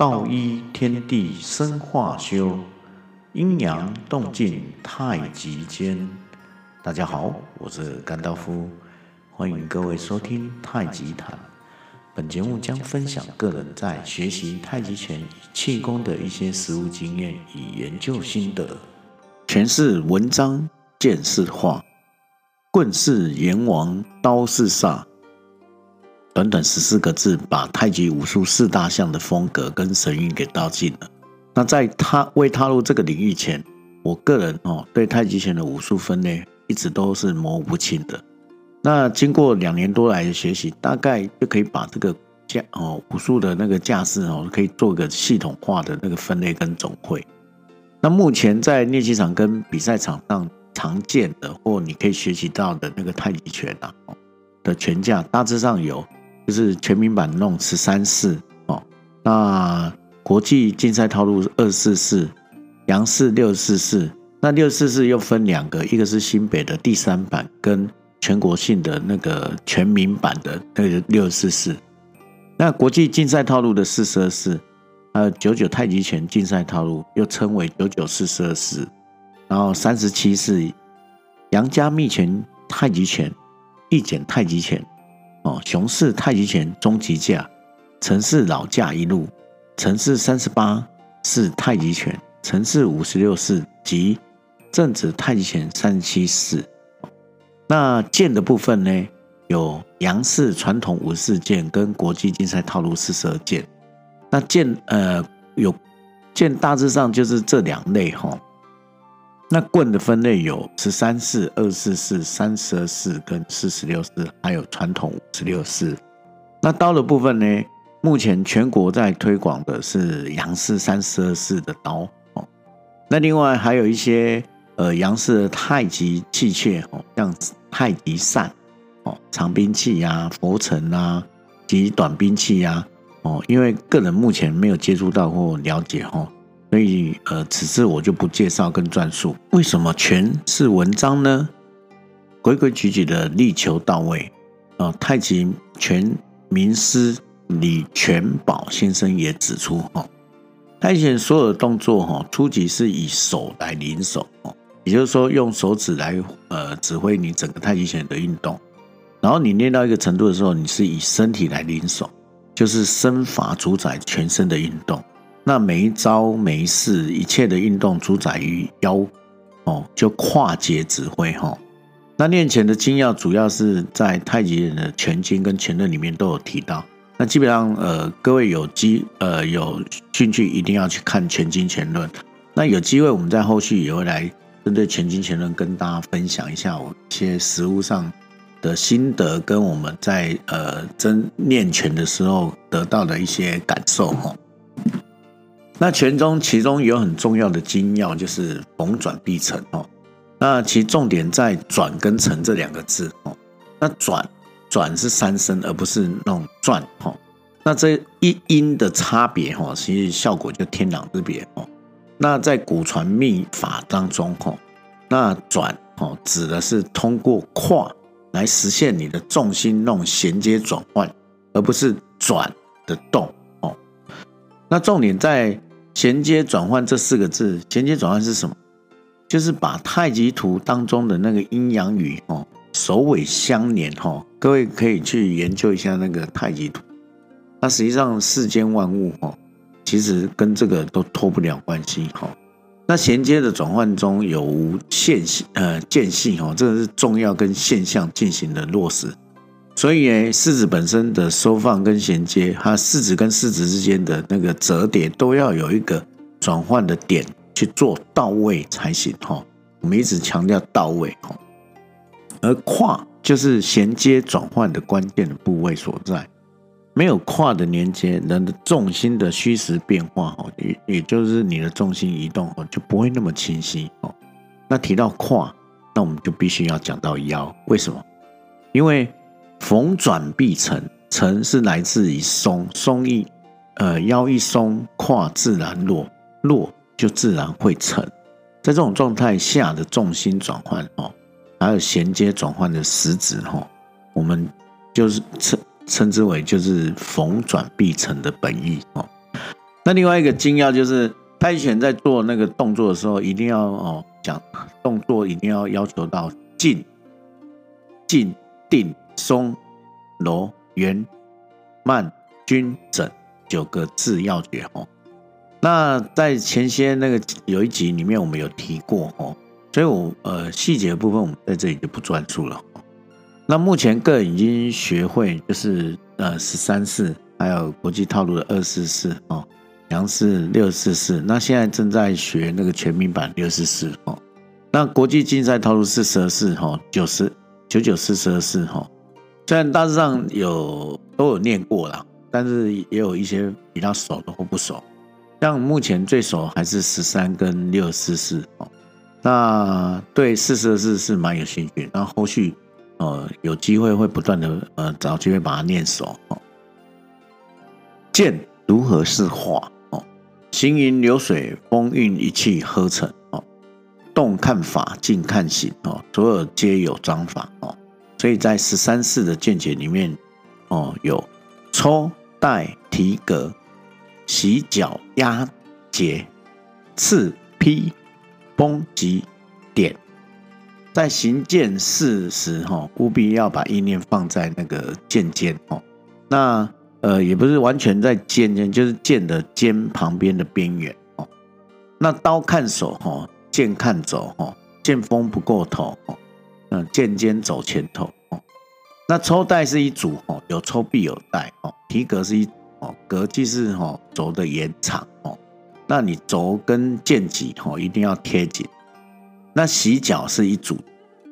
道一天地生化修，陰陽動靜太極間。大家好，我是甘道夫，歡迎各位收聽《太極談》。本節目將分享個人在學習太極拳、氣功的一些實務經驗與研究心得。拳是文章，劍是畫，棍是閻王，刀是剎。短短十四個字，把太極武術四大項的風格跟神韻給道盡了。那在他未踏入這個領域前，我個人哦對太極拳的武術分類一直都是模糊不清的。那經過兩年多來的學習，大概就可以把這個架哦武術的那個架勢哦可以做個系統化的那個分類跟總匯。那目前在練習場跟比賽場上常見的或你可以學習到的那個太極拳啊的拳架，大致上有。就是全民版弄十三式哦，那國際競賽套路二四式，楊氏六四式，那六四式又分兩個，一個是新北的第三版，跟全國性的那個全民版的那個六四式。那國際競賽套路的四十二式，還有九九太極拳競賽套路，又稱為九九四十二式，然後三十七式楊家秘拳太極拳、易簡太極拳。哦，熊氏太極拳終極架，陳氏老架一路，陳氏三十八式太極拳，陳氏五十六式及鄭子太極拳三十七式。那劍的部分呢？有楊氏傳統武士劍跟國際競賽套路四十二劍。那劍呃，有劍大致上就是這兩類哈、哦。那棍的分類有十三式、二十四式、三十二式跟四十六式，還有傳統五十六式。那刀的部分呢？目前全國在推廣的是楊氏三十二式的刀哦。那另外還有一些呃楊氏的太極器械哦，像太極扇哦、長兵器啊、拂塵啊、及短兵器啊哦，因為個人目前沒有接觸到或了解所以，呃，此次我就不介紹跟轉述。為什麼拳是文章呢？規規矩矩的，力求到位。啊、呃，太極拳名師李全寶先生也指出，哦，太極拳所有的動作，哈、哦，初級是以手來領手，哦，也就是說用手指來，呃，指揮你整個太極拳的運動。然後你練到一個程度的時候，你是以身體來領手，就是身法主宰全身的運動。那每一招每一式，一切的運動主宰於腰，哦，就胯節指揮哈、哦。那練拳的精要主要是在太極拳的拳經跟拳論裡面都有提到。那基本上，呃，各位有機呃有興趣，一定要去看拳經拳論。那有機會，我們在後續也會來針對拳經拳論跟大家分享一下我一些實務上的心得，跟我們在呃真練拳的時候得到的一些感受哈。哦那拳中其中有很重要的精要，就是逢轉必成哦。那其重點在“轉”跟“成”這兩個字哦。那“轉”轉是三聲，而不是那種轉哈、哦。那這一音的差別哈、哦，其實效果就天壤之別哦。那在古傳秘法當中哈、哦，那“轉”哦指的是通過胯來實現你的重心那種銜接轉換，而不是轉的動哦。那重點在。銜接轉換這四個字，銜接轉換是什麼？就是把太極圖當中的那個陰陽魚哦，首尾相連哈。各位可以去研究一下那個太極圖。那實際上世間萬物哦，其實跟這個都脫不了關係哈。那銜接的轉換中有無限性呃漸性哈，這個是重要跟現象進行的落實。所以呢，四肢本身的收放跟銜接，它四肢跟四肢之間的那個折疊，都要有一個轉換的點去做到位才行哈。我們一直強調到位哈，而胯就是銜接轉換的關鍵的部位所在。沒有胯的連接，人的重心的虛實變化，也也就是你的重心移動，就不會那麼清晰哦。那提到胯，那我們就必須要講到腰，為什麼？因為。逢轉必沉，沉是來自於鬆，鬆一，呃腰一鬆，胯自然落，落就自然會沉，在這種狀態下的重心轉換哦，還有銜接轉換的實質哦，我們就是稱稱之為就是逢轉必沉的本意哦。那另外一個精要就是太極拳在做那個動作的時候，一定要哦，講動作一定要要求到靜、靜、定。鬆、柔、圓、慢、均、整九個字要訣哦。那在前些那個有一集裡面我們有提過哦，所以我呃細節的部分我們在這裡就不轉述了哦。那目前個人已經學會就是呃十三式，還有國際套路的二四式哦，楊氏六四式。那現在正在學那個全民版六四式哦。那國際競賽套路四十二式哦，九十九九四十二式哦。雖然大致上有都有念過了，但是也有一些比較熟的或不熟。像目前最熟還是十三跟六四四哦。那對四四四是蠻有興趣，那後續呃有機會會不斷的呃找機會把它念熟哦。劍如何是畫哦？行雲流水，風韻一氣呵成哦。動看法，靜看形哦，所有皆有章法哦。所以在十三式的劍訣裡面，哦，有抽、帶、提、格、洗腳、壓、截、刺、劈、崩、擊、點。在行劍式時，哈、哦，務必要把意念放在那個劍尖，哦，那呃，也不是完全在劍尖，就是劍的尖旁邊的邊緣，哦。那刀看手，哈，劍看肘，哈，劍鋒不過頭，哦。嗯，劍尖走前頭哦。那抽帶是一組哦，有抽必有帶哦。提格是一組哦，格即是哦軸的延長哦。那你軸跟劍脊哦一定要貼緊。那洗腳是一組，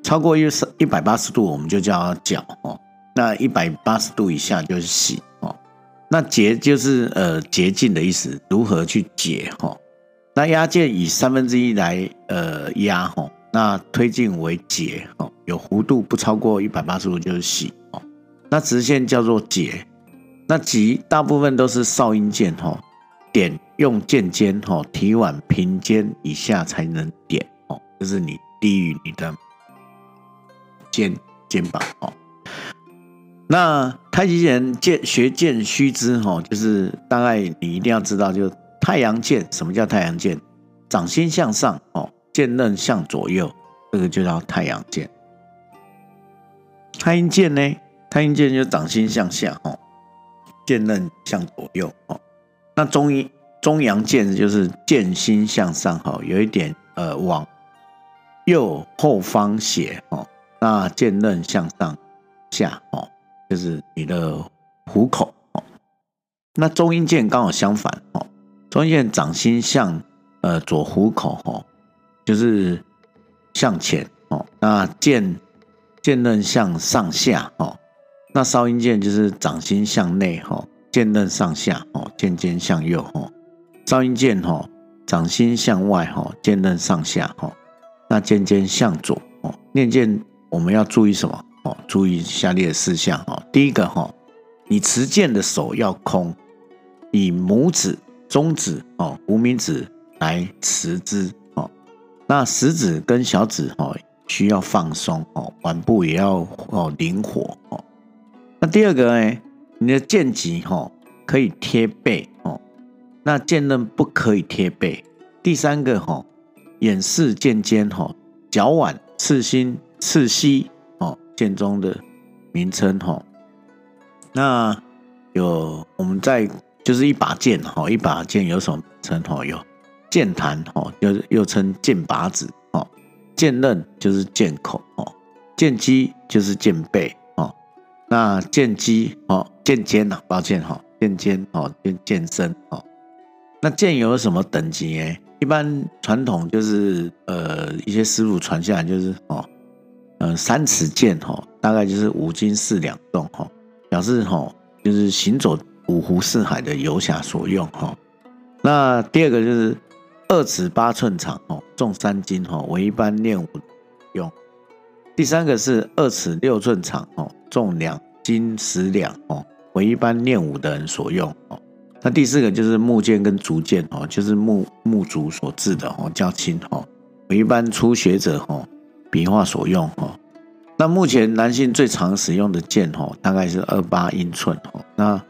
超過一十一百八十度我們就叫它腳哦。那一百八十度以下就是洗哦。那截就是呃捷徑的意思，如何去截哈。那壓劍以三分之一來呃壓哈。那推進為截哦，有弧度不超過一百八十度就是洗哦。那直線叫做截，那截大部分都是少陰劍哈。點用劍尖哈，提腕平肩以下才能點哦，就是你低於你的肩肩膀哦。那太極拳劍學劍須知，就是大概你一定要知道，就是太陽劍，什麼叫太陽劍？掌心向上哦。劍刃向左右，這個就叫太陽劍。太陰劍呢？太陰劍就掌心向下哦，劍刃向左右哦。那中陰中陽劍就是劍心向上哈，有一點呃往右後方斜哦。那劍刃向上下哦，就是你的虎口哦。那中陰劍剛好相反哦，中陰劍掌心向呃左虎口哦。就是向前哦，那劍劍刃向上下哦，那少陰劍就是掌心向內哈，劍刃上下哦，劍尖向右哈，少陰劍哈，掌心向外哈，劍刃上下哈，那劍尖向左哦。練劍我們要注意什麼哦？注意下列事項哦，第一個哈，你持劍的手要空，以拇指、中指哦、無名指來持之。那食指跟小指哈、哦、需要放鬆哦，腕部也要哦靈活哦。那第二個呢，你的劍脊哈可以貼背哦，那劍刃不可以貼背。第三個哈、哦，演示劍尖哈、哦，腳腕、刺心、刺膝哦，劍中的名稱哈、哦。那有我們在就是一把劍哈、哦，一把劍有什麼稱號、哦？有劍鐔哦，又又稱劍把子哦；劍刃就是劍口哦；劍脊就是劍背哦。那劍脊哦，劍尖吶，抱歉哈，劍尖哦，劍劍身哦。那劍有什麼等級誒？一般傳統就是呃，一些師傅傳下來就是哦，嗯、呃，三尺劍哦，大概就是五斤四兩重哈，表示哈，就是行走五湖四海的游俠所用哈。那第二個就是。二尺八寸長哦，重三斤哦。為一般練武用。第三個是二尺六寸長哦，重兩斤十兩哦。為一般練武的人所用。那第四個就是木劍跟竹劍哦，就是木木竹所制的哦，較輕哦。為一般初學者哦，比劃所用哦。那目前男性最常使用的劍哦，大概是二八英寸哦。那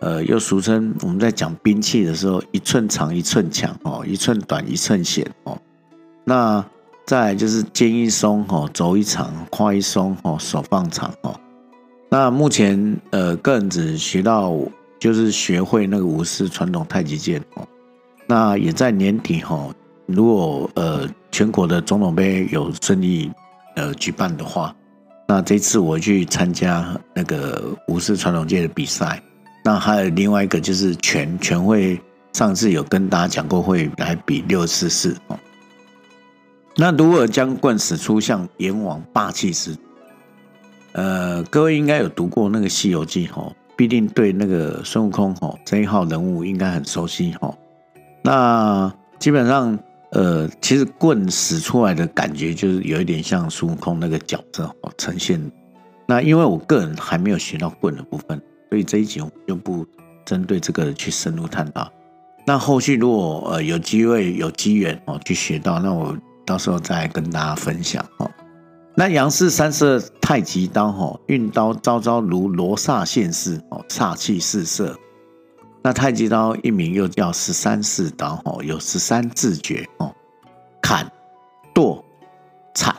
呃，又俗稱，我們在講兵器的時候，“一寸長一寸強，哦，一寸短一寸險，哦。”那再來就是“肩一鬆，哦，肘一長，胯一鬆，哦，手放長，哦。”那目前，呃，個人只學到就是學會那個吳式傳統太極劍，哦。那也在年底，哈，哦，如果呃全國的總統杯有順利呃舉辦的話，那這次我去參加那個吳式傳統劍的比賽。那還有另外一個，就是拳，拳會上次有跟大家講過，會來比六四四哦。那如果將棍使出像閻王霸氣時，呃，各位應該有讀過那個《西遊記》哦、哈，必定對那個孫悟空哈、哦、這一號人物應該很熟悉哈、哦。那基本上，呃，其實棍使出來的感覺就是有一點像孫悟空那個角色哦呈現。那因為我個人還沒有學到棍的部分。所以這一集我們就不針對這個去深入探討。那後續如果呃有機會、有機緣哦，去學到，那我到時候再跟大家分享哦。那楊氏三十二太極刀哦，運刀招招如羅剎現世哦，煞氣四射。那太極刀一名又叫十三式刀哦，有十三字訣哦：砍、剁、鏟、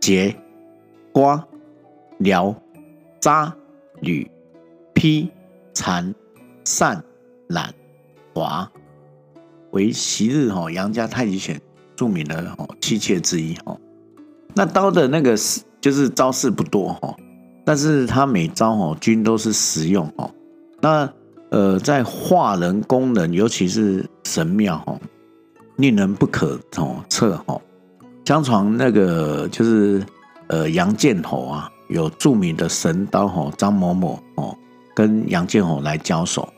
截、刮、撩、紮、捋。披纏善懶滑，為昔日哈楊家太極拳著名的哈七妾之一哈。那刀的那個是就是招式不多哈，但是他每招哈均都是實用哈。那呃在化人攻人，尤其是神妙哈，令人不可哦，測哈。相傳那個就是呃楊健侯啊，有著名的神刀哈張某某哦。呃跟楊建宏來交手，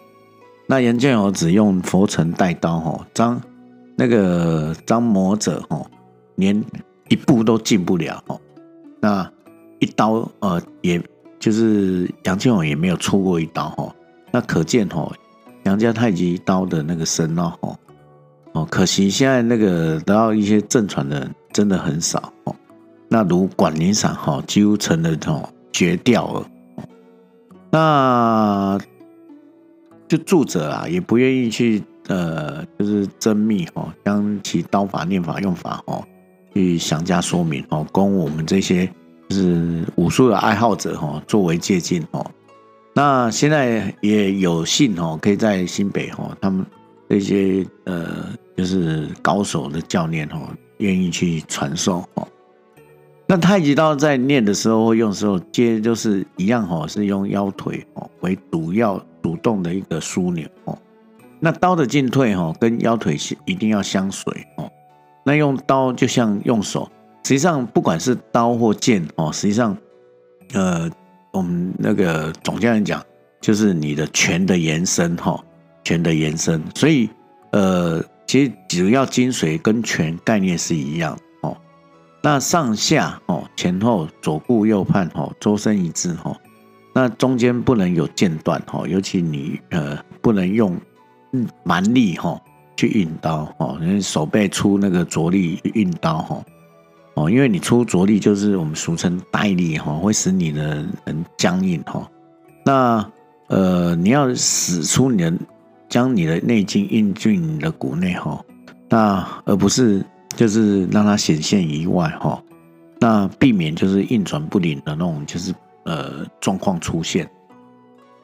那楊建宏只用拂塵帶刀吼，張那個張魔者吼，連一步都進不了吼，那一刀呃，也就是楊建宏也沒有出過一刀吼，那可見吼，楊家太極刀的那個神奧吼，哦，可惜現在那個得到一些正傳的人真的很少哦，那如廣陵散吼，幾乎成了吼絕調了。那就作者啊，也不願意去呃，就是真密哦，將其刀法、練法、用法哦，去詳加說明哦，供我們這些就是武術的愛好者哈、哦，作為借鑒哦。那現在也有幸哦，可以在新北哦，他們這些呃，就是高手的教練哦，願意去傳授哦。那太極刀在練的時候，或用的時候，劍就是一樣哈、哦，是用腰腿哦為主要主動的一個樞紐哦。那刀的進退哈、哦，跟腰腿是一定要相隨哦。那用刀就像用手，實際上不管是刀或劍哦，實際上，呃，我們那個總教練講，就是你的拳的延伸哈、哦，拳的延伸。所以，呃，其實只要精髓跟拳概念是一樣的。那上下哦，前後左顧右盼哦，周身一致哦，那中間不能有間斷哦，尤其你呃不能用蠻力哈去運刀哦，因為手背出那個着力運刀哈哦，因為你出着力就是我們俗稱帶力哈，會使你的人很僵硬哈。那呃你要使出你的將你的內勁運進你的骨內哈，那而不是。就是讓它顯現以外哈，那避免就是運轉不靈的那種，就是呃狀況出現。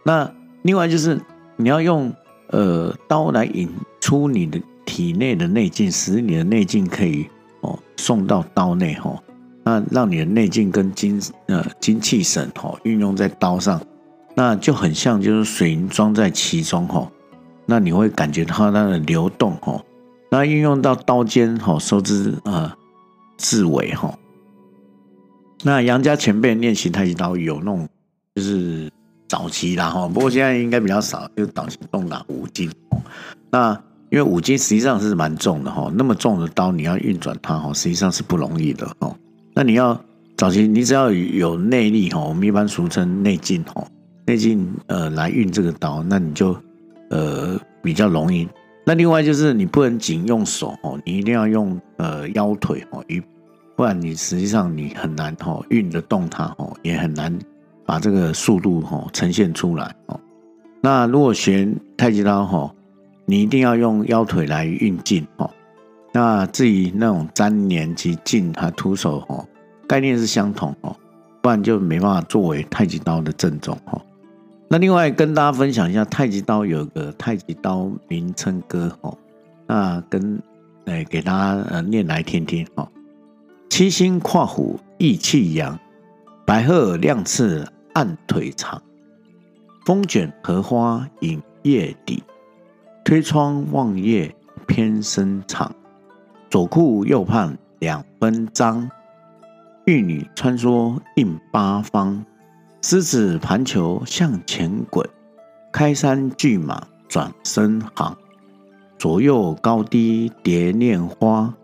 那另外就是你要用呃刀來引出你的體內的內勁，使你的內勁可以哦、呃、送到刀內哈，那、呃、讓你的內勁跟精呃精氣神哈運、呃、用在刀上，那就很像就是水銀裝在其中哈、呃，那你會感覺它那個流動哈。呃那運用到刀尖，哦，吼，收之啊，四、呃、尾，吼，哦。那楊家前輩練習太極刀有那種，就是早期啦，吼，哦。不過現在應該比較少，就黨習動打五斤、哦，那因為五斤實際上是蠻重的，吼，哦。那麼重的刀你要運轉它，吼，實際上是不容易的，吼，哦。那你要早期，你只要有內力，吼，哦，我們一般俗稱內勁，吼，哦，內勁，呃，來運這個刀，那你就，呃，比較容易。那另外就是你不能僅用手哦，你一定要用呃腰腿哦，一不然你實際上你很難吼運得動它哦，也很難把這個速度吼呈現出來哦。那如果學太極刀吼，你一定要用腰腿來運勁哦。那至於那種粘連及勁，它徒手哦，概念是相同哦，不然就沒辦法作為太極刀的正宗哦。那另外跟大家分享一下，太極刀有個太極刀名稱歌哈，那跟哎、欸、給大家呃念來聽聽哦，七星跨虎意氣揚，白鶴亮翅按腿長，風捲荷花影葉底，推窗望月偏生長，左顧右盼兩分張，玉女穿梭映八方。獅子盤球向前滾，開山巨蟒轉身行，左右高低蝶戀花，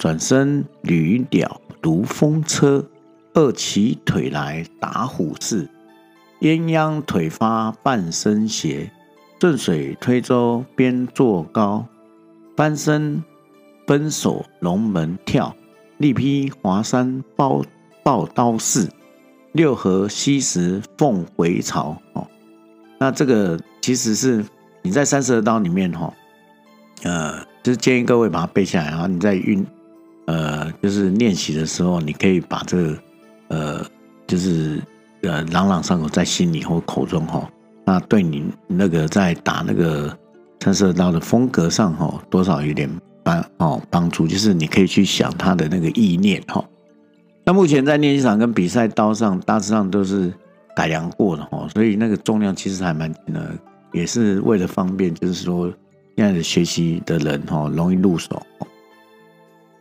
轉身驢鳥如風車，二起腿來打虎式，鴛鴦腿發半身斜，順水推舟邊坐高，翻身奔守龍門跳，力劈華山抱抱刀式。六合西石鳳回朝哦，那這個其實是你在三十二刀裡面，哈，呃，就是建議各位把它背下來，然後你在運，呃，就是練習的時候，你可以把這個，個呃，就是呃朗朗上口在心裡或口中，哈，那對你那個在打那個三十二刀的風格上，哈，多少有點幫哦幫助，就是你可以去想他的那個意念，哈。那目前在練習場跟比賽刀上，大致上都是改良過的哈，所以那個重量其實還蠻輕的，也是為了方便，就是說現在的學習的人哈容易入手。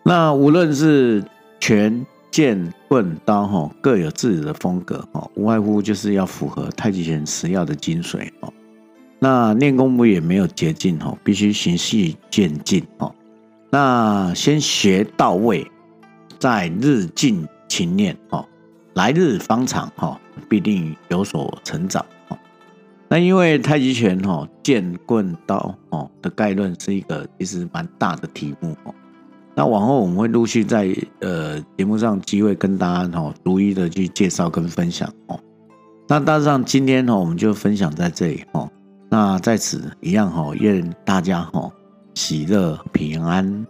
那無論是拳、劍、棍、刀哈，各有自己的風格哈，無外乎就是要符合太極拳十要的精髓哦。那練功夫也沒有捷徑哈，必須循序漸進哦。那先學到位。在日盡情念哦，來日方長，哈，必定有所成長，那因為太極拳，哈，劍棍刀，哦，的概論是一個其實蠻大的題目，哦。那往後我們會陸續在呃節目上機會跟大家，哦，逐一的去介紹跟分享，哦。那大致上今天，哦，我們就分享在這裡，哦。那在此一樣，哦，願大家，哦，喜樂平安。